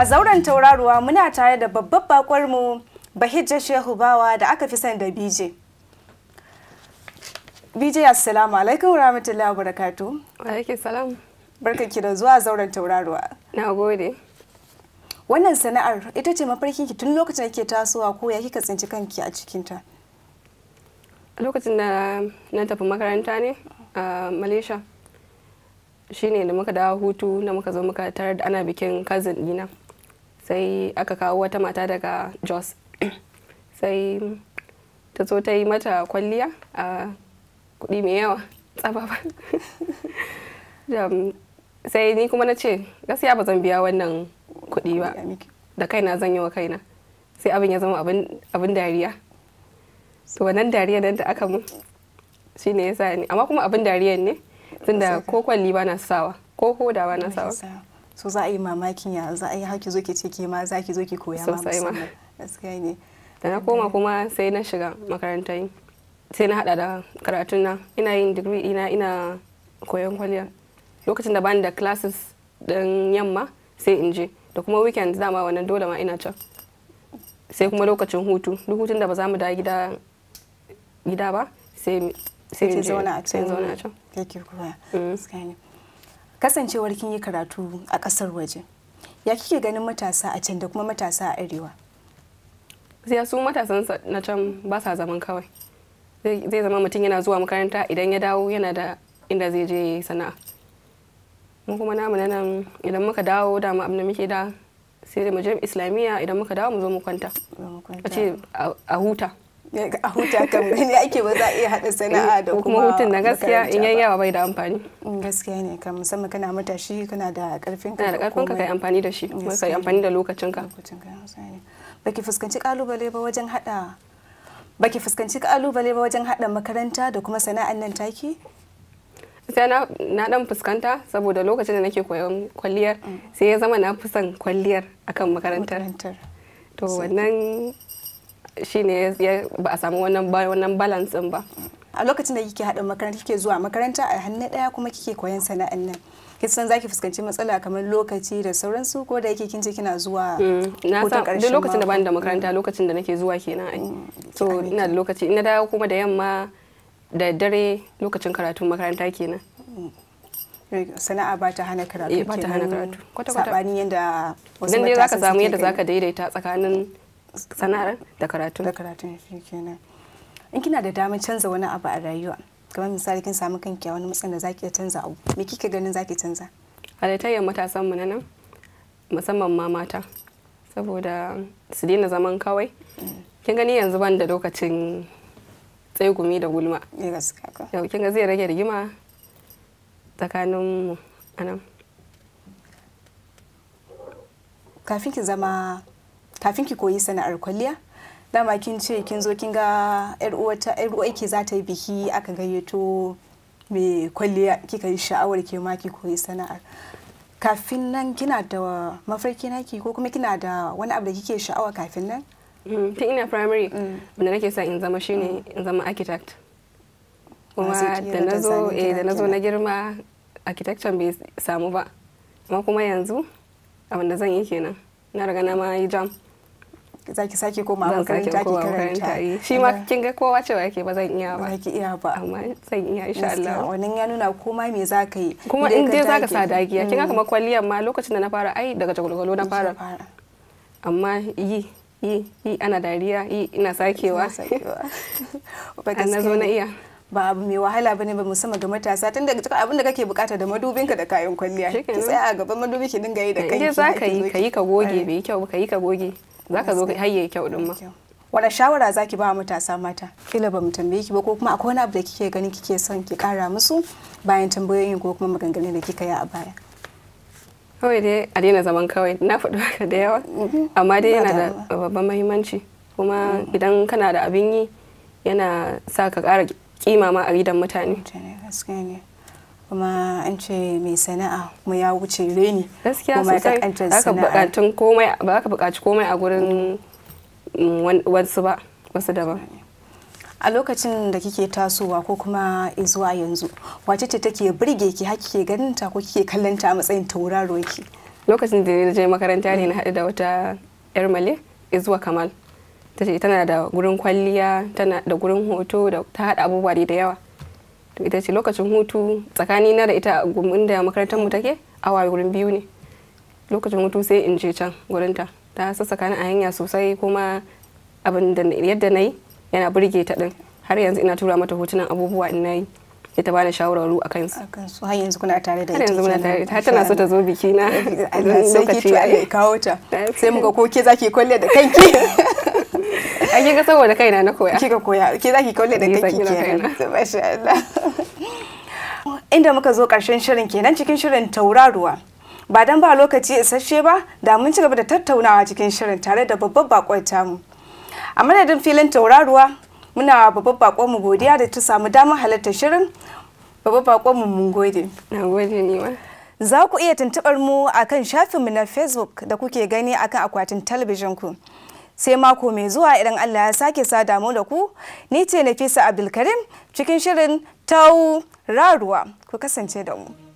A zauren tauraruwa muna tare da babbar bakwar mu Bahijja Shehu Bawa da aka fi san da BJ. BJ Assalamu alaikum rahmatullahi wa barakatu alaikum salam. ki da zuwa zauren tauraruwa. na gode. Wannan sana'ar ita ce mafarkin ki tun lokacin da ke tasowa ko ya kika tsinci kanki a cikinta? Lokacin da na tafi makaranta ne a Malaysia. shine da muka dawo hutu na muka zo muka tarar da ana bikin cousin dina sai aka kawo wata mata daga jos sai ta zo ta yi mata kwalliya a kudi mai yawa tsababa sai ni kuma na ce gaskiya ba zan biya wannan kudi ba da kaina zan yi wa kaina sai abin ya zama abin dariya to wannan dariya nan da aka mun shi ne ya sa ni amma kuma abin dariyan ne tunda ko kwalli ba na sawa ko hoda ba na sawa so za a yi mamakin ya za a yi haki zo ki ce ke ma za ki zo ki koya ma musamman gaskiya ne da na koma kuma sai na shiga makarantar sai na hada da karatun na ina yin digiri ina ina koyon kwaliya lokacin da bani da classes din yamma sai in je da kuma weekend dama wannan dole ma ina can sai kuma lokacin hutu duk hutun da ba za mu da gida gida ba sai sai in zauna a can kasancewar kin yi karatu a kasar waje ya kike ganin matasa a can da kuma matasa a arewa sai su matasan na can ba sa zaman kawai zai zama mutum yana zuwa makaranta idan ya dawo yana da inda zai je sana'a mu kuma namu na nan idan muka dawo dama mu abinda muke da sai da mu je islamiyya idan muka dawo mu zo mu kwanta a ce a huta a huta kan ake ba za a iya haɗa eh, sana'a da kuma hutun na gaskiya in yayi yawa bai da amfani mm, gaskiya ne kan musamman kana matashi kana da karfin ka da karfin ka kai amfani da shi kuma kai amfani da lokacin ka baki fuskanci kalubale ba wajen hada baki fuskanci kalubale ba wajen hada makaranta da kuma sana'an nan taki sai na dan fuskanta saboda lokacin da nake koyon kwalliyar mm. sai ya zama na fi son kwalliyar akan makarantar to wannan shine ya ba a samu wannan wannan balance ba a lokacin da kike haɗa makaranta kike zuwa makaranta a hannu ɗaya kuma kike koyan sana'an nan kisan zaki fuskanci matsala kamar lokaci da sauransu ko da yake kin je kina zuwa mm, na san duk lokacin da bani da makaranta lokacin da nake zuwa kenan ai mm, so ina da lokaci ina dawo kuma da yamma da dare lokacin karatun makaranta kenan mm. sana'a ba ta hana karatu eh, ba ta hana karatu kwata kwata sabanin yadda wasu za ka samu yadda zaka daidaita tsakanin sana'ar da karatu. da karatun shi kenan in kina da damar canza wani abu a rayuwa kamar misali kin samu kanki a wani matsayin da zaki iya canza abu me kike ganin zaki canza halattayyar matasan mu na nan musamman ma mata saboda su daina zaman kawai mm. kin gani yanzu ban da lokacin tsegumi da gulma eh, yau kin ga zai rage rigima tsakanin mu anan kafin ki zama kafin ki koyi sana'ar kwalliya dama kin ce kin zo kin ga yar uwarki za ta yi biki aka gayyato mai kwalliya kika yi sha'awar ke ma ki koyi sana'ar kafin nan kina da mafarki naki ko kuma kina da wani abu da kike sha'awa kafin nan mm, tun ina primary wanda mm. nake sa in zama shine mm. in zama architect kuma da nazo eh, da nazo na girma architecture bai samu ba amma kuma yanzu abin da zan yi kenan na riga na ma yi jam za ki sake koma makaranta ki karanta eh. shi ma kin ga kowa cewa yake ba zan iya ba ki iya ba amma zan iya insha Allah wannan ya nuna koma me za ka yi kuma in dai za ka sa dagiya kin ga mm. kamar kwalliyar ma lokacin da na fara ai daga jagwalgwalo na fara amma yi yi yi ana dariya yi ina sakewa ba na zo na iya ba abu mai wahala bane ba musamman ga matasa tun daga cikin abin da kake bukata da madubinka da kayan kwalliya ki tsaya a gaban madubi ki dinga yi da kai za ka yi eh. ka yi ka goge bai kyau ka yi ka goge za ka zo ka yayi kyau din ma wani shawara zaki ki ba matasa mata kila ba mu tambaye ki ba ko kuma akwai wani abu da kike gani kike son ki kara musu bayan tambayoyin ko kuma maganganun da kika yi a baya kawai dai a daina zaman kawai na faɗi haka da yawa mhm. amma dai yana da babban mahimmanci kuma mhm. idan kana da abin yi yana sa ka ƙara kima ma a ridan mutane kuma an ce mai sana'a kuma ya wuce reni gaskiya sosai aka bukatun ba aka bukaci komai a gurin wasu ba wasu daban a lokacin da kike tasowa ko kuma izuwa yanzu wace ce take birge ki har ke ganin ta ko kike kallon ta a matsayin tauraro ki lokacin da na je makaranta ne na haɗu da wata yar male izuwa kamal ta ce tana da gurin kwalliya tana da gurin hoto da ta haɗa abubuwa da yawa to ita ce lokacin hutu tsakani na da ita da makarantar mu take awa gurin biyu ne lokacin hutu sai in je can gurin ta ta sassaka ni a hanya sosai kuma abin da yadda na yi yana burge ta din har yanzu ina tura mata hotunan abubuwa in na yi ya ta bani shawararu a kansu har yanzu kuna tare da ita yanzu muna tare har tana so ta zo biki na lokaci ya kawo ta sai muka ko ke zaki kwalle da kanki ake kika saboda kaina na koya kika koya ki zaki kalle da kake kenan masha Allah inda muka zo karshen shirin kenan cikin shirin tauraruwa ba dan ba lokaci isasshe ba da mun ci gaba da tattaunawa cikin shirin tare da babbar bakon tamu a madadin filin tauraruwa muna babbar bakon mu godiya da ta samu damar halartar shirin babbar bakon mu mun gode na gode ni ma za ku iya tuntubar mu akan shafinmu na facebook da kuke gani akan akwatin talabijin ku sai mako mai zuwa idan Allah ya sake sa mu da ku ni ce Nafisa Abdulkarim cikin shirin tauraruwa ku kasance da mu